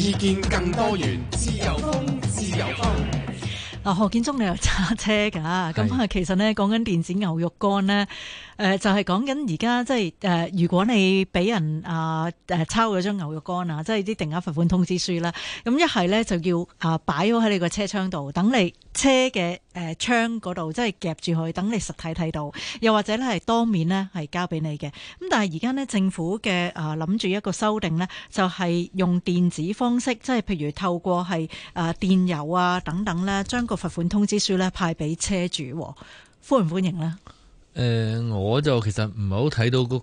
意見更多元，自由風，自由風。何建忠你又揸車㗎？咁啊，其實咧講緊電子牛肉乾咧，誒就係講緊而家即係誒如果你俾人啊誒抄咗張牛肉乾啊，即係啲定額罰款通知書啦，咁一係咧就要啊擺好喺你個車窗度，等你車嘅誒窗度即係夾住佢，等你實體睇到。又或者咧係當面咧係交俾你嘅。咁但係而家咧政府嘅啊諗住一個修訂咧，就係用電子方式，即係譬如透過係誒電郵啊等等啦，將個。罰款通知書咧派俾車主，歡唔歡迎呢？誒、呃，我就其實唔係好睇到嗰、嗰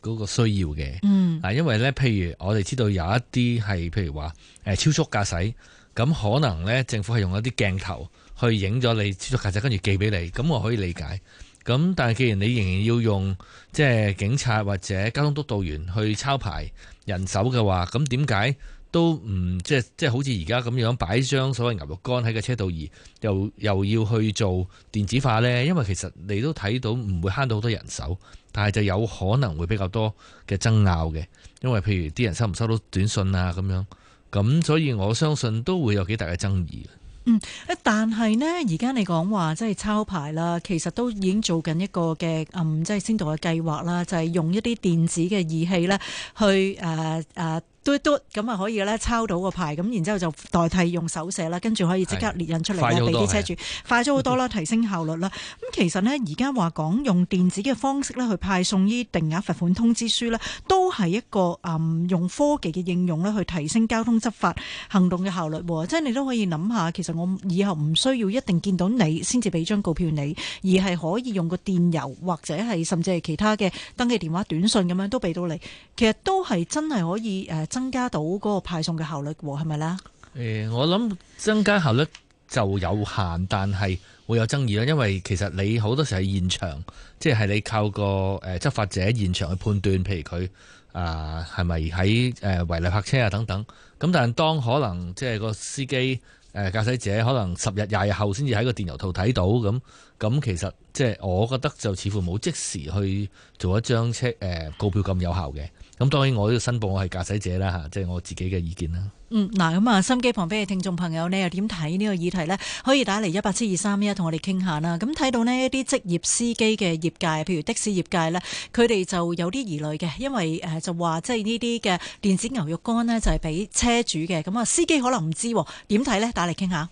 個、嗰個需要嘅。嗯，嗱，因為呢，譬如我哋知道有一啲係，譬如話誒超速駕駛，咁可能呢政府係用一啲鏡頭去影咗你超速駕駛，跟住寄俾你，咁我可以理解。咁但係既然你仍然要用即係、即係、警察或者交通督導員去抄牌人手嘅話，咁點解？都唔即係即係好似而家咁樣擺張所謂牛肉乾喺個車度，而又又要去做電子化呢？因為其實你都睇到唔會慳到好多人手，但係就有可能會比較多嘅爭拗嘅，因為譬如啲人收唔收到短信啊咁樣，咁所以我相信都會有幾大嘅爭議嘅。嗯，但係呢，而家你講話即係、就是、抄牌啦，其實都已經做緊一個嘅即係先導嘅計劃啦，就係、是就是、用一啲電子嘅儀器呢去誒誒。呃呃都都咁啊，可以咧抄到個牌，咁然之後就代替用手寫啦，跟住可以即刻列印出嚟咧，俾啲車主快咗好多啦，提升效率啦。咁 其實呢，而家話講用電子嘅方式咧去派送呢定額罰款通知書呢，都係一個誒、嗯、用科技嘅應用咧，去提升交通執法行動嘅效率。嗯、即係你都可以諗下，其實我以後唔需要一定見到你先至俾張告票你，嗯，而係可以用個電郵或者係甚至係其他嘅登記電話短信咁樣都俾到你。其實都係真係可以誒。呃增加到嗰個派送嘅效率，係咪呢？誒、欸，我諗增加效率就有限，但係會有爭議啦。因為其實你好多時喺現場，即、就、係、是、你靠個誒執法者現場去判斷，譬如佢啊係咪喺誒違例泊車啊等等。咁但係當可能即係個司機誒駕駛者可能十日廿日後先至喺個電郵套睇到咁，咁其實即係我覺得就似乎冇即時去做一張車誒、呃、告票咁有效嘅。咁當然我呢個申報我係駕駛者啦，嚇，即係我自己嘅意見啦。嗯，嗱咁啊，心機旁邊嘅聽眾朋友呢，又點睇呢個議題呢？可以打嚟一八七二三一同我哋傾下啦。咁睇到呢一啲職業司機嘅業界，譬如的士業界呢，佢哋就有啲疑慮嘅，因為誒就話即係呢啲嘅電子牛肉乾呢，就係俾車主嘅，咁啊司機可能唔知點睇呢？打嚟傾下。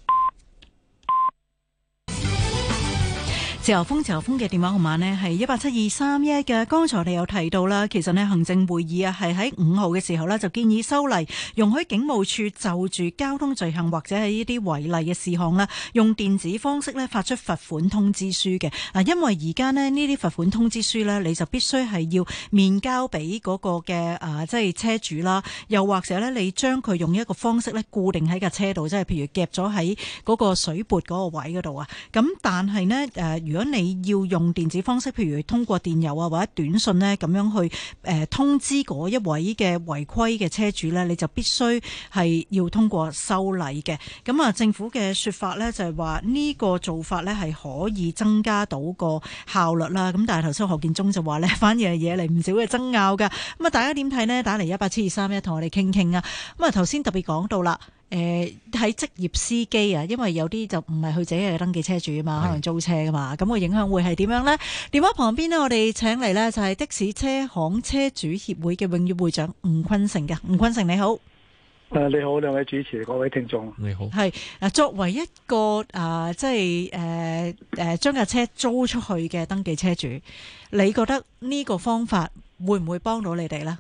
自由風，自由風嘅電話號碼呢係一八七二三一嘅。剛才你有提到啦，其實咧行政會議啊係喺五號嘅時候呢，就建議修例，容許警務處就住交通罪行或者係呢啲違例嘅事項啦，用電子方式呢發出罰款通知書嘅。啊，因為而家咧呢啲罰款通知書呢，你就必須係要面交俾嗰、嗰個嘅啊，即係車主啦，又或者呢，你將佢用一個方式呢固定喺架車度，即係譬如夾咗喺嗰個水撥嗰個位嗰度啊。咁但係呢。誒、呃如果你要用電子方式，譬如通過電郵啊或者短信呢咁樣去誒通知嗰一位嘅違規嘅車主呢，你就必須係要通過修例嘅。咁啊，政府嘅說法呢就係話呢個做法呢係可以增加到個效率啦。咁但係頭先何建忠就話呢，反而係惹嚟，唔少嘅爭拗㗎。咁啊，大家點睇呢？打嚟一八七二三一同我哋傾傾啊。咁啊，頭先特別講到啦。誒、呃，喺職業司機啊，因為有啲就唔係佢自己嘅登記車主啊嘛，可能租車噶嘛，咁、那個影響會係點樣咧？電話旁邊呢，我哋請嚟呢就係的士車行車主協會嘅永遠會長吳坤成嘅，吳坤成你好。誒，你好，兩、啊、位主持，各位聽眾，你好。係啊，作為一個啊，即係誒誒，將、啊、架車租出去嘅登記車主，你覺得呢個方法會唔會幫到你哋咧？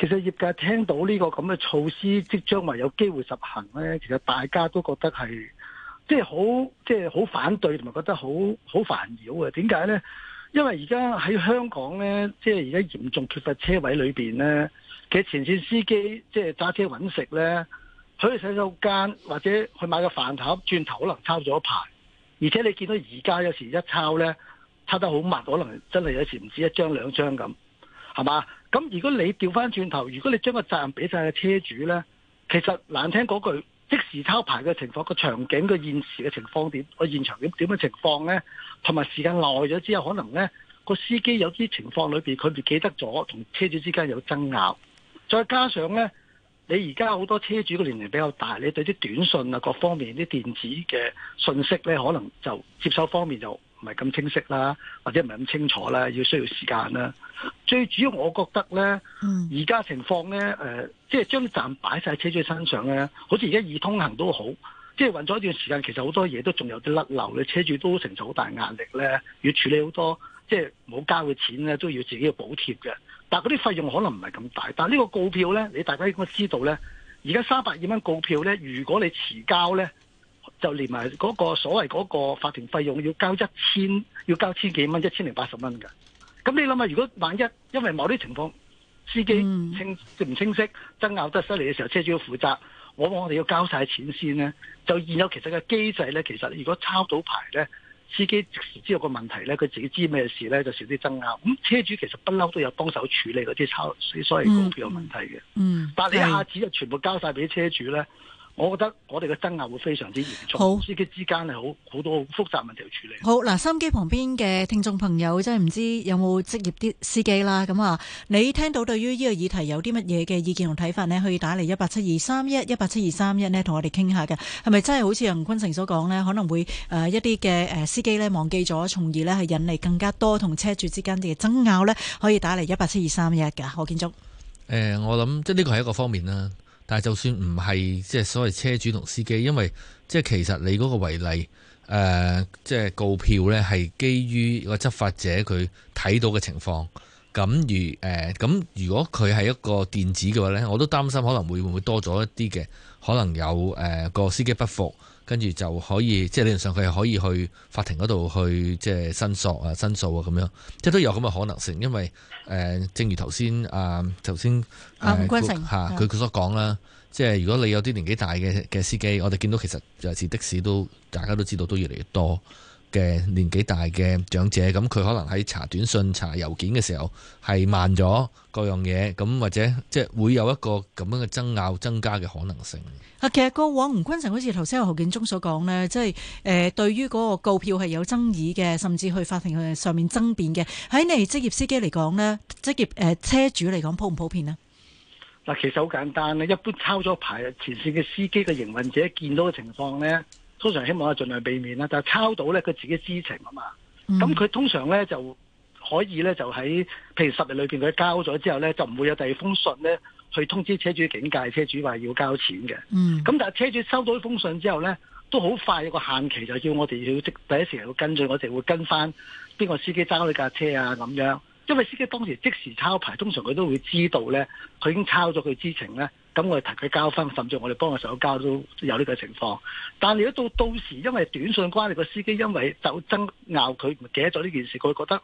其實業界聽到呢個咁嘅措施即將話有機會實行呢。其實大家都覺得係即係好即係好反對，同埋覺得好好煩擾啊？點解呢？因為而家喺香港呢，即係而家嚴重缺乏車位裏邊呢，其實前線司機即係揸車揾食呢，佢去洗手間或者去買個飯盒，轉頭可能抄咗一排。而且你見到而家有時一抄呢，抄得好密，可能真係有時唔止一張兩張咁，係嘛？咁如果你掉翻轉頭，如果你將個責任俾晒個車主呢，其實難聽嗰句，即時抄牌嘅情況，個場景個現時嘅情況點？個現場點點嘅情況呢，同埋時間耐咗之後，可能呢個司機有啲情況裏面，佢唔記得咗，同車主之間有爭拗，再加上呢，你而家好多車主嘅年齡比較大，你對啲短信啊各方面啲電子嘅信息呢，可能就接收方面就。唔係咁清晰啦，或者唔係咁清楚啦，要需要時間啦。最主要我覺得呢，而、嗯、家情況呢，即、呃、係、就是、將站擺晒車主身上呢，好似而家易通行都好，即、就、係、是、運咗一段時間，其實好多嘢都仲有啲甩漏，你車主都承受好大壓力呢，要處理好多，即係冇交嘅錢呢，都要自己要補貼嘅。但嗰啲費用可能唔係咁大，但呢個告票呢，你大家應該知道呢，而家三百二蚊告票呢，如果你遲交呢。就連埋嗰個所謂嗰個法庭費用要交一千，要交千幾蚊，一千零八十蚊嘅。咁你諗下，如果萬一因為某啲情況，司機清唔清，清晰爭拗得犀利嘅時候，車主要負責，我話我哋要交晒錢先咧。就現有其實嘅機制咧，其實如果抄到牌咧，司機即時知道個問題咧，佢自己知咩事咧，就少、是、啲爭拗。咁車主其實不嬲都有幫手處理嗰啲抄啲所，所謂告票嘅問題嘅、嗯。嗯，但你一下子就全部交晒俾車主咧。我覺得我哋嘅爭拗會非常之嚴重，好，司機之間係好好多好複雜問題要處理。好嗱，收音機旁邊嘅聽眾朋友，真係唔知有冇職業啲司機啦。咁啊，你聽到對於呢個議題有啲乜嘢嘅意見同睇法呢？可以打嚟一八七二三一一八七二三一呢，同我哋傾下嘅。係咪真係好似吳坤成所講呢？可能會誒一啲嘅誒司機呢，忘記咗，從而呢係引嚟更加多同車主之間嘅爭拗呢。可以打嚟一八七二三一嘅。何建中誒，我諗即係呢個係一個方面啦。但就算唔係即係所謂車主同司機，因為即係其實你嗰個為例，誒即係告票咧係基於個執法者佢睇到嘅情況。咁如誒，咁、呃、如果佢係一個電子嘅話呢，我都擔心可能會唔會多咗一啲嘅，可能有誒、呃那個司機不服，跟住就可以，即係理論上佢係可以去法庭嗰度去即係申訴啊、申訴啊咁樣，即係都有咁嘅可能性，因為誒、呃，正如頭先、呃呃、啊，頭先啊，坤成哥佢佢所講啦，即係如果你有啲年紀大嘅嘅司機，我哋見到其實尤其是的士都大家都知道都越嚟越多。嘅年紀大嘅長者，咁佢可能喺查短信、查郵件嘅時候係慢咗各樣嘢，咁或者即係會有一個咁樣嘅爭拗、增加嘅可能性。啊，其實過往吳坤成，好似頭先阿何建忠所講呢，即係誒，對於嗰個告票係有爭議嘅，甚至去法庭上面爭辯嘅。喺你職業司機嚟講呢，職業誒車主嚟講普唔普遍咧？嗱，其實好簡單咧，一般抄咗牌前線嘅司機嘅營運者見到嘅情況呢。通常希望啊，儘量避免啦。但係抄到咧，佢自己的知情啊嘛。咁、嗯、佢通常咧就可以咧，就喺譬如十日裏邊，佢交咗之後咧，就唔會有第二封信咧，去通知車主警戒車主話要交錢嘅。咁、嗯、但係車主收到呢封信之後咧，都好快有一個限期，就叫我哋要即第一時間要跟住我哋會跟翻邊個司機揸呢架車啊咁樣。因為司機當時即時抄牌，通常佢都會知道呢，佢已經抄咗佢知情呢。咁我哋提佢交分，甚至我哋幫佢上交都有呢個情況。但係如果到到時，因為短信關係，個司機因為就爭拗佢，佢唔記得咗呢件事，佢覺得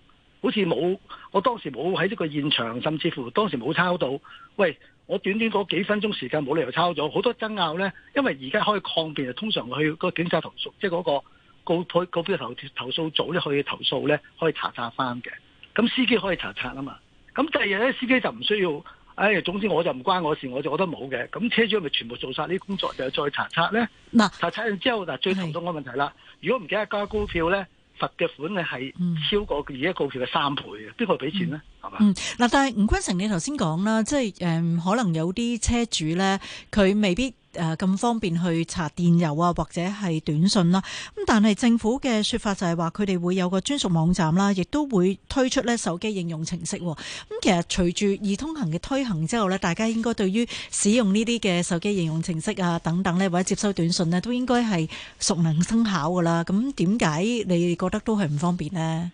好似冇我當時冇喺呢個現場，甚至乎當時冇抄到。喂，我短短嗰幾分鐘時間冇理由抄咗好多爭拗呢，因為而家可以抗辯，就通常去個警察投訴，即係嗰個告票告投投訴組咧去投訴呢，可以查查翻嘅。咁司機可以查察啊嘛，咁第二日咧司機就唔需要，唉、哎，總之我就唔關我事，我就覺得冇嘅，咁車主咪全部做晒呢啲工作，就再查察咧。嗱，查察完之後，嗱，最痛痛嘅問題啦，如果唔記得加高票咧，罰嘅款咧係超過而家告票嘅三倍嘅，邊個俾錢咧？係嘛？嗯，嗱、嗯嗯，但係吳坤成你，你頭先講啦，即係誒，可能有啲車主咧，佢未必。誒、啊、咁方便去查電郵啊，或者係短信啦、啊。咁但係政府嘅說法就係話，佢哋會有個專屬網站啦、啊，亦都會推出咧手機應用程式。咁其實隨住易通行嘅推行之後咧，大家應該對於使用呢啲嘅手機應用程式啊，啊，程式啊等等咧、啊，或者接收短信咧、啊，都應該係熟能生巧噶啦。咁點解你覺得都係唔方便咧？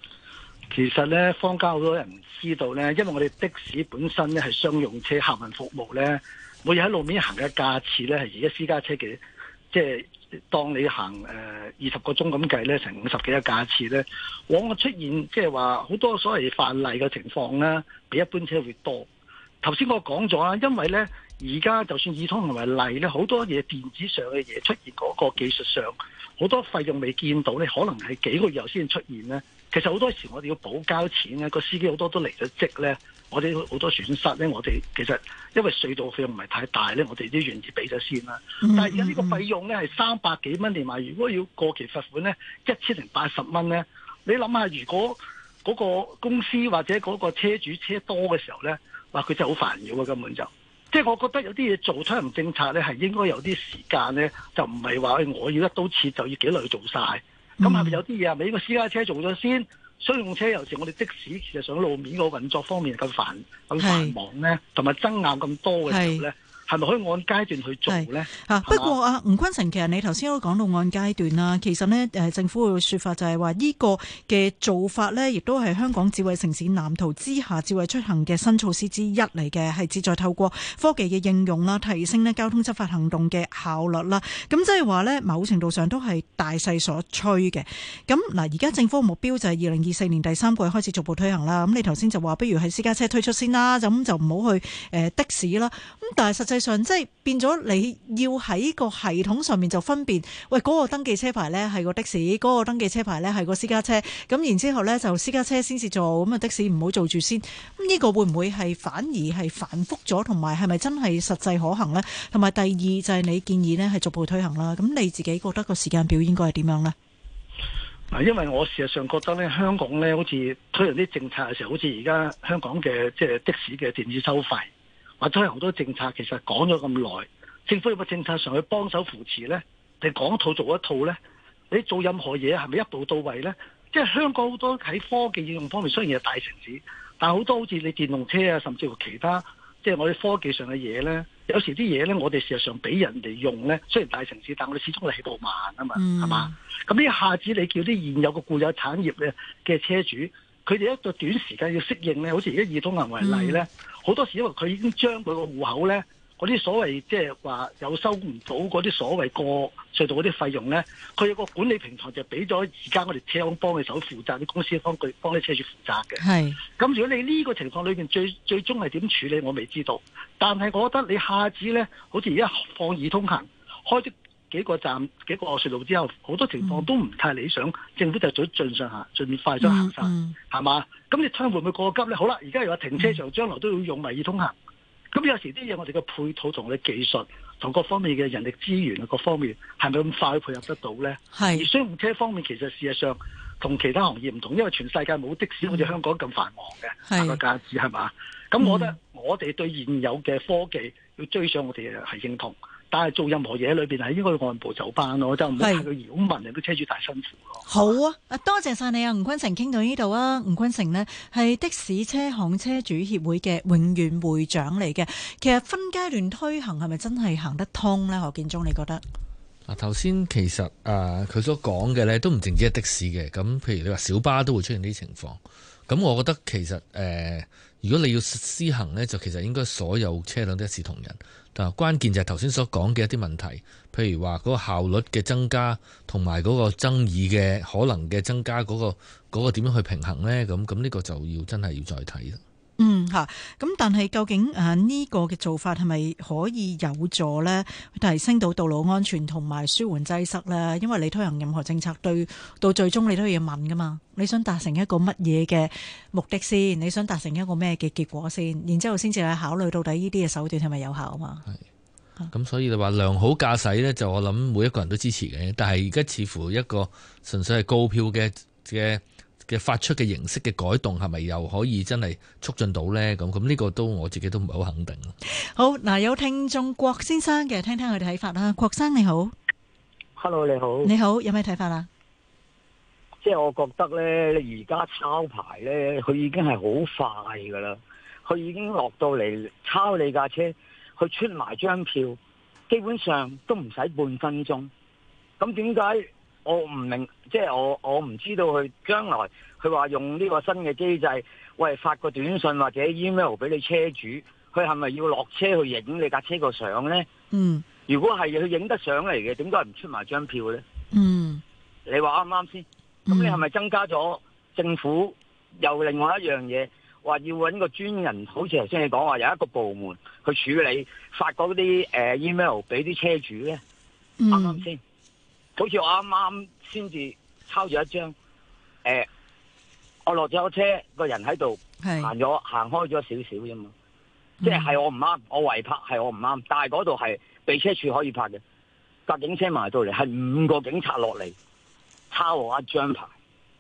其實咧，坊間好多人知道咧，因為我哋的，的士本身咧係商用車客運服務咧。每日喺路面行嘅架次咧，係而家私家車嘅，即係當你行誒二十個鐘咁計咧，成五十幾架次咧，往往出現即係話好多所謂犯例嘅情況咧，比一般車會多。頭先我講咗啊，因為咧而家就算以通行為例咧，好多嘢電子上嘅嘢出現嗰個技術上好多費用未見到咧，可能係幾個月後先出現咧。其實好多時我哋要補交錢咧，個司機好多都嚟咗職咧，我哋好多損失咧，我哋其實因為隧道費用唔係太大咧，我哋都願意俾咗先啦。但係而家呢個費用咧係三百幾蚊連埋，如果要過期罰款咧一千零八十蚊咧，你諗下如果嗰個公司或者嗰個車主車多嘅時候咧，話佢真係好煩擾啊，根本就即係我覺得有啲嘢做推行政策咧，係應該有啲時間咧，就唔係話我要一刀切就要幾耐做晒。咁下邊有啲嘢係咪應該私家車做咗先，商用車尤其我哋的士其實上路面個運作方面咁繁咁繁忙咧，同埋爭拗咁多嘅時候咧。係咪可以按階段去做呢？啊啊、不過阿吳坤成其實你頭先都講到按階段啦。其實呢、啊、政府嘅說法就係話，呢、呢個嘅做法呢，亦都係香港智慧城市藍圖之下智慧出行嘅新措施之一嚟嘅，係旨在透過科技嘅應用啦，提升呢交通執法行動嘅效率啦。咁即係話呢，某程度上都係大勢所趨嘅。咁嗱，而、啊、家政府目標就係二零二四年第三季開始逐步推行啦。咁你頭先就話，不如係私家車推出先啦，咁就唔好去、呃、的士啦。咁但係實際，即係變咗，你要喺個系統上面就分辨，喂，嗰個登記車牌呢係個的士，嗰個登記車牌呢係個私家車，咁然之後呢就私家車先至做，咁啊的士唔好做住先。呢個會唔會係反而係繁複咗，同埋係咪真係實際可行呢？同埋第二就係你建議呢係逐步推行啦。咁你自己覺得個時間表應該係點樣呢？啊，因為我事實上覺得呢，香港呢好似推行啲政策嘅時候，好似而家香港嘅即係的士嘅電子收費。或者係好多政策，其實講咗咁耐，政府有冇政策上去幫手扶持咧？你講一套做一套咧？你做任何嘢係咪一步到位咧？即係香港好多喺科技應用方面，雖然係大城市，但係好多好似你電動車啊，甚至乎其他即係我哋科技上嘅嘢咧，有時啲嘢咧，我哋事實上俾人哋用咧，雖然大城市，但係我哋始終係起步慢啊嘛，係、mm. 嘛？咁一下子你叫啲現有嘅固有產業嘅嘅車主，佢哋一個短時間要適應咧，好似而家以通勤為例咧。Mm. 好多時因為佢已經將佢個戶口咧，嗰啲所謂即係話有收唔到嗰啲所謂過隧道嗰啲費用咧，佢有個管理平台就俾咗而家我哋車行幫你手負責啲公司幫佢幫你車主負責嘅。係。咁如果你呢個情況裏面最最終係點處理，我未知道。但係我覺得你下次咧，好似而家放易通行開啲。幾個站，幾個隧道之後，好多情況都唔太理想。嗯、政府就想盡上下盡快將行翻，係、嗯、嘛？咁、嗯、你推會唔會過急呢？好啦，而家又話停車場、嗯、將來都要用易通行。咁有時啲嘢，我哋嘅配套同我哋技術同各方面嘅人力資源啊，各方面係咪咁快配合得到呢？係。而商用車方面，其實事實上同其他行業唔同，因為全世界冇的士好似、嗯、香港咁繁忙嘅個價值係嘛。咁我覺得，我哋對現有嘅科技要追上，我哋係認同。但係做任何嘢，喺裏邊係應該按部就班我就班咯，就唔好太過擾民啊！啲車主大辛苦咯。好啊，多謝晒你啊，吳坤成，傾到呢度啊。吳坤成呢係的士車行車主協會嘅永遠會長嚟嘅。其實分階段推行係咪真係行得通呢？何建忠，你覺得？嗱、啊，頭先其實誒，佢、呃、所講嘅呢都唔淨止係的士嘅，咁譬如你話小巴都會出現啲情況。咁我覺得其實誒。呃如果你要施行呢，就其實應該所有車輛都一視同仁。但關鍵就係頭先所講嘅一啲問題，譬如話嗰個效率嘅增加，同埋嗰個爭議嘅可能嘅增加，嗰個嗰個點樣去平衡呢？咁咁呢個就要真係要再睇啦。嗯吓，咁但係究竟誒呢個嘅做法係咪可以有助呢提升到道路安全同埋舒緩擠塞呢？因為你推行任何政策，對到最終你都要問噶嘛。你想達成一個乜嘢嘅目的先？你想達成一個咩嘅結果先？然之後先至去考慮到底呢啲嘅手段係咪有效啊嘛？係，咁所以你話良好駕駛呢，就我諗每一個人都支持嘅。但係而家似乎一個純粹係高票嘅嘅。嘅發出嘅形式嘅改動係咪又可以真係促進到呢？咁咁呢個都我自己都唔係好肯定咯。好嗱，有聽眾郭先生嘅，聽聽佢哋睇法啦。郭生你好，Hello 你好，你好有咩睇法啦？即係我覺得呢，你而家抄牌呢，佢已經係好快噶啦，佢已經落到嚟抄你架車，去出埋張票，基本上都唔使半分鐘。咁點解？我唔明，即係我我唔知道佢將來佢話用呢個新嘅機制，喂發個短信或者 email 俾你車主，佢係咪要落車去影你架車個相呢？嗯，如果係佢影得上嚟嘅，點解唔出埋張票呢？嗯，你話啱唔啱先？咁、嗯、你係咪增加咗政府又另外一樣嘢，話要搵個專人，好似頭先你講話有一個部門去處理發嗰啲 email 俾啲車主呢？啱唔啱先？對。好似我啱啱先至抄咗一張，誒、欸，我落咗車，個人喺度行咗行開咗少少啫嘛，即係我唔啱，我違泊係我唔啱，但係嗰度係避車處可以泊嘅，架警車埋到嚟，係五個警察落嚟抄我一張牌。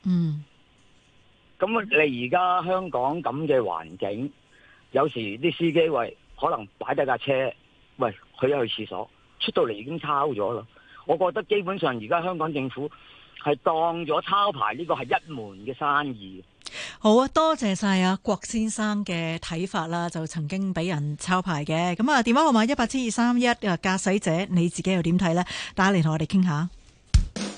嗯，咁你而家香港咁嘅環境，有時啲司機喂，可能擺低架車，喂，佢一去廁所，出到嚟已經抄咗啦。我覺得基本上而家香港政府係當咗抄牌呢個係一門嘅生意的。好啊，多謝晒啊郭先生嘅睇法啦。就曾經俾人抄牌嘅，咁啊，電話號碼一八七二三一啊，駕駛者你自己又點睇呢？打嚟，同我哋傾下。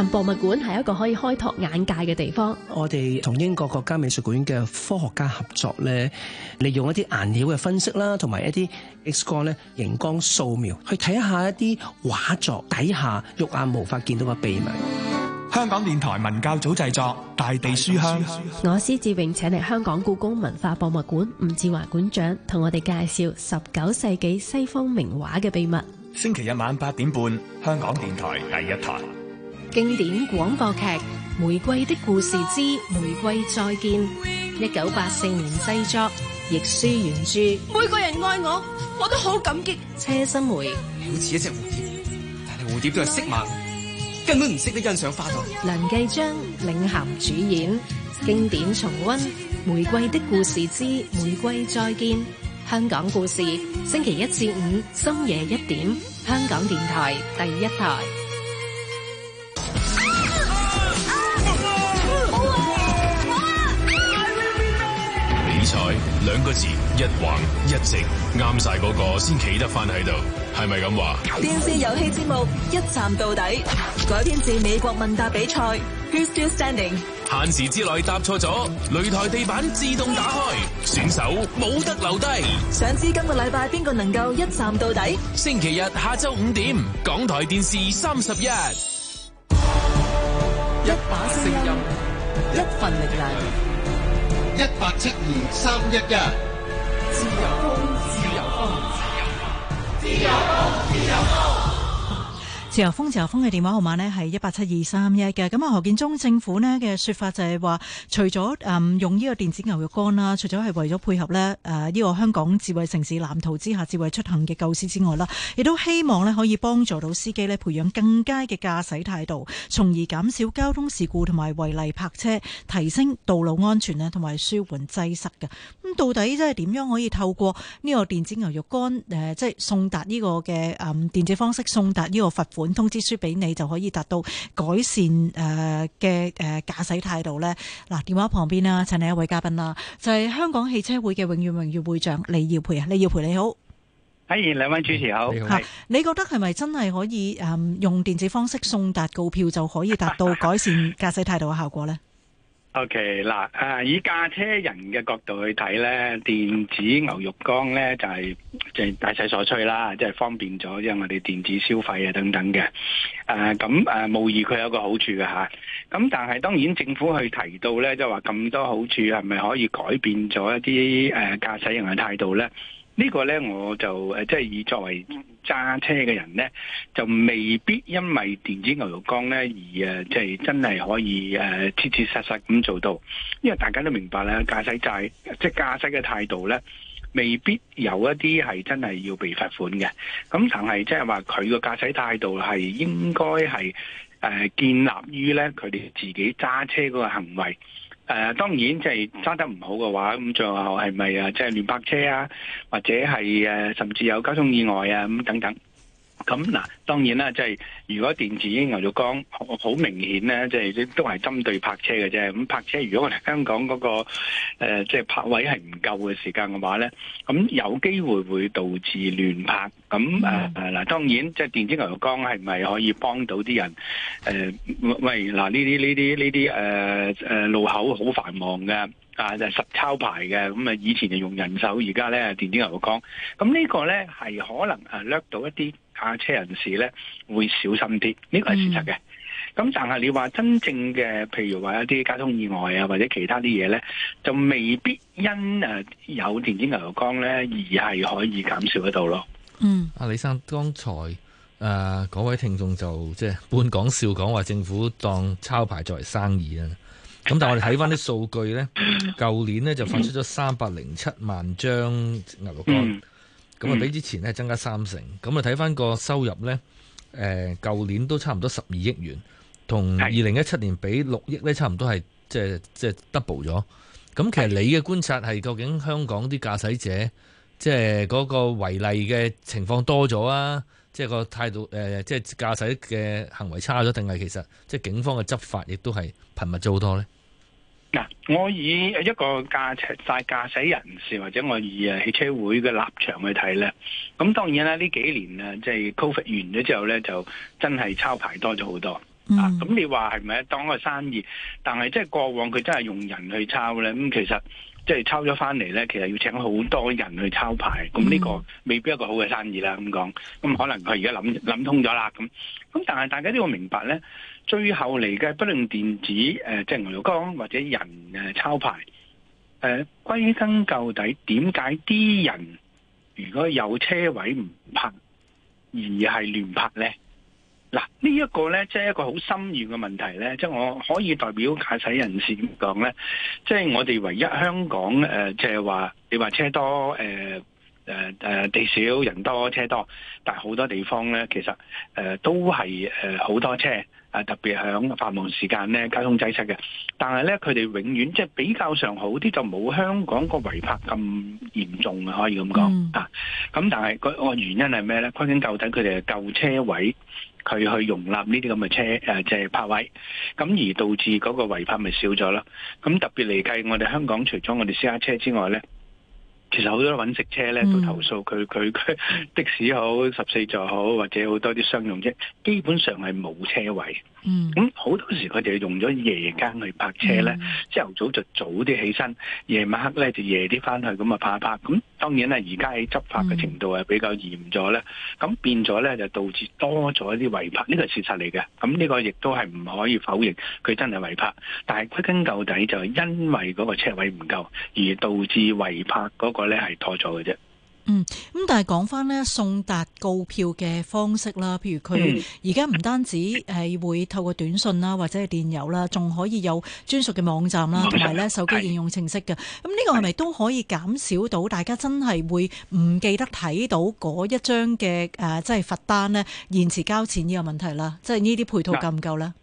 但博物館係一個可以開拓眼界嘅地方。我哋同英國國家美術館嘅科學家合作咧，利用一啲顏料嘅分析啦，同埋一啲 X 光咧熒光掃描，去睇下一啲畫作底下肉眼無法見到嘅秘密。香港電台文教組製作《大地書香》。我司志榮請嚟香港故宮文化博物館吳志華館長同我哋介紹十九世紀西方名畫嘅秘密。星期日晚八點半，香港電台第一台。經典廣播劇《玫瑰的故事之玫瑰再見》，一九八四年製作，亦舒原著。每個人愛我，我都好感激。車心梅，你好似一隻蝴蝶，但係蝴蝶都係色盲，根本唔識得欣賞花朵。梁繼章領銜主演，經典重溫《玫瑰的故事之玫瑰再見》。香港故事，星期一至五深夜一點，香港電台第一台。兩個字，一橫一直，啱晒嗰個先企得返喺度，係咪咁話？電視遊戲節目一站到底，改編自美國問答比賽 Who Still Standing。限時之內答錯咗，擂台地板自動打開，選手冇得留低。想知今個禮拜邊個能夠一站到底？星期日下晝五點，港台電視三十一。一把聲音，一份力量。一八七二三一一。自由風，自由風，自由風，自由風。自由風，自由風，自由風。自由風，自由風嘅電話號碼呢係一八七二三一嘅。咁啊，何建忠政府呢嘅說法就係話，除咗誒用呢個電子牛肉乾啦，除咗係為咗配合呢誒呢個香港智慧城市藍圖之下智慧出行嘅構思之外啦，亦都希望呢可以幫助到司機呢培養更佳嘅駕駛態度，從而減少交通事故同埋違例泊車，提升道路安全咧同埋舒緩擠塞嘅。咁到底即係點樣可以透過呢個電子牛肉乾誒，即係送達呢個嘅誒電子方式送達呢個罰款？通知書俾你就可以達到改善誒嘅，誒駕駛態度呢。嗱，電話旁邊啦，請嚟一位嘉賓啦,就係、是、香港汽車會嘅永遠榮譽會長李耀培啊，李耀培你好，歡迎。兩位主持好，你好。你覺得係咪真係可以誒用電子方式送達告票就可以達到改善駕駛態度嘅效果呢？ O.K. 嗱，啊以駕車人嘅角度去睇咧，電子牛肉乾咧就係即係大勢所趨啦，即係方便咗，即係我哋電子消費啊等等嘅。誒，咁誒，無疑佢有個好處嘅吓。咁但係當然政府去提到咧，即係話咁多好處係咪可以改變咗一啲誒駕駛人嘅態度咧？呢個咧我就誒即係以作為。揸車嘅人呢，就未必因為電子牛肉乾呢，而誒，即、就、係、是、真係可以誒、呃、切切實實咁做到，因為大家都明白啦，駕駛制即係駕駛嘅態度呢，未必有一啲係真係要被罰款嘅，咁但係即係話佢個駕駛態度係應該係誒建立於呢，佢哋自己揸車嗰個行為。誒、呃，當然即係揸得唔好嘅話，咁最後係咪啊，即係亂泊車啊，或者係誒，甚至有交通意外啊，咁等等。咁嗱，當然啦，即、就、係、是、如果電子牛油光電子牛肉乾好明顯咧，即、就、係、是、都係針對泊車嘅啫。咁泊車如果我哋香港嗰、那個即係、呃就是、泊位係唔夠嘅時間嘅話咧，咁有機會會導致亂泊。咁誒嗱，呃 mm -hmm. 當然即係、就是、電子牛肉乾係咪可以幫到啲人、呃？喂，嗱呢啲呢啲呢啲誒路口好繁忙嘅，啊、呃、就實抄牌嘅。咁啊以前就用人手，而家咧電子牛肉乾。咁呢個咧係可能誒略到一啲。下車人士咧會小心啲，呢個係事實嘅。咁、嗯、但係你話真正嘅，譬如話一啲交通意外啊，或者其他啲嘢咧，就未必因誒有電子牛肉乾咧而係可以減少得到咯。嗯，阿李生，剛才誒嗰、呃、位聽眾就即係半講笑講話政府當抄牌作為生意啊。咁但係我哋睇翻啲數據咧，舊 年咧就發出咗三百零七萬張牛肉乾。嗯。咁、嗯、啊，比之前呢增加三成。咁啊，睇翻個收入呢。誒，舊年都差唔多十二億元，同二零一七年比六億呢，差唔多係即係即係 double 咗。咁其實你嘅觀察係究竟香港啲駕駛者即係嗰個違例嘅情況多咗啊？即係個態度誒，即係駕駛嘅行為差咗，定係其實即係警方嘅執法亦都係頻密咗好多呢？我以一個駕駛、駕駛人士或者我以誒汽車會嘅立場去睇咧，咁當然啦，呢幾年啊，即係 Covid 完咗之後咧，就真係抄牌多咗好多、嗯、啊！咁你話係咪啊？當個生意，但係即係過往佢真係用人去抄咧，咁其實即係抄咗翻嚟咧，其實要請好多人去抄牌，咁呢個未必一個好嘅生意啦。咁講，咁可能佢而家諗諗通咗啦。咁，咁但係大家都要明白咧。最後嚟嘅，不論電子誒、呃，即係牛肉乾或者人誒、啊、抄牌誒、呃，歸根究底，點解啲人如果有車位唔泊，而係亂泊咧？嗱，這個、呢、就是、一個咧，即係一個好深遠嘅問題咧，即、就、係、是、我可以代表解駕駛人士講咧，即、就、係、是、我哋唯一香港誒，即係話你話車多誒誒、呃呃、地少人多車多，但係好多地方咧，其實誒、呃、都係誒好多車。啊！特別響繁忙時間咧，交通擠塞嘅。但係咧，佢哋永遠即係比較上好啲，就冇香港個違泊咁嚴重啊，可以咁講、嗯、啊。咁但係個原因係咩咧？歸根究底，佢哋夠車位，佢去容納呢啲咁嘅車即係、啊、泊位，咁而導致嗰個違泊咪少咗咯。咁特別嚟計，我哋香港除咗我哋私家車之外咧。其實好多揾食車咧都投訴佢佢佢的士好十四座好，或者好多啲商用車，基本上係冇車位。嗯，咁好多時佢哋用咗夜間去泊車咧，朝、嗯、頭早就早啲起身，夜、嗯、晚黑咧就夜啲翻去，咁啊泊一泊。咁當然啦，而家喺執法嘅程度係比較嚴咗咧，咁、嗯、變咗咧就導致多咗啲違泊。呢、嗯呢個係事實嚟嘅。咁呢個亦都係唔可以否認，佢真係違泊。但係歸根究底就係因為嗰個車位唔夠，而導致違泊。嗰。嗰咧係拖咗嘅啫。嗯，咁但係講返咧送達告票嘅方式啦，譬如佢而家唔單止係會透過短訊啦，或者係電郵啦，仲可以有專屬嘅網站啦，同埋咧手機應用程式嘅。咁呢個係咪都可以減少到大家真係會唔記得睇到嗰一張嘅誒，即係罰單呢？延遲交錢呢個問題啦？即係呢啲配套夠唔夠呢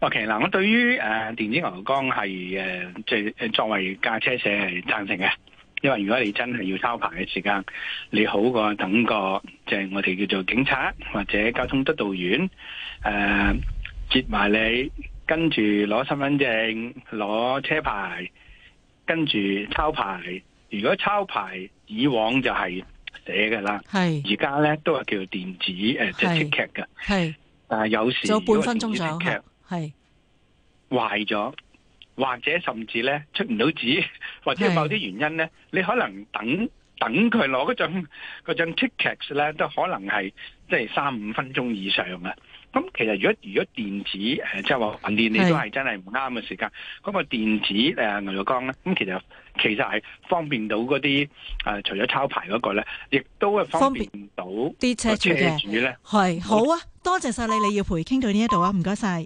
？OK，嗱，我對於誒、啊、電子牛肉乾係誒，即、啊、係作為駕車社係贊成嘅。因為如果你真係要抄牌嘅時間，你好過等個，即係我哋叫做警察或者交通督導員，誒，接埋你，跟住攞身份證、攞車牌，跟住抄牌。如果抄牌以往就係寫噶啦，係而家咧都係叫做電子誒即係出劇噶，係。但係有時有半分鐘就係壞咗。或者甚至咧出唔到紙，或者某啲原因咧，你可能等等佢攞嗰張嗰張 ticket 咧，都可能係即係三五分鐘以上嘅。咁、嗯、其實如果如果電子即係話運電，你都係真係唔啱嘅時間。嗰、那個電子誒、呃、牛肉乾咧，咁、嗯、其實其實係方便到嗰啲、呃、除咗抄牌嗰個咧，亦都係方便到啲車主咧。係好啊，嗯、多謝晒你，你要陪傾到呢一度啊，唔該晒。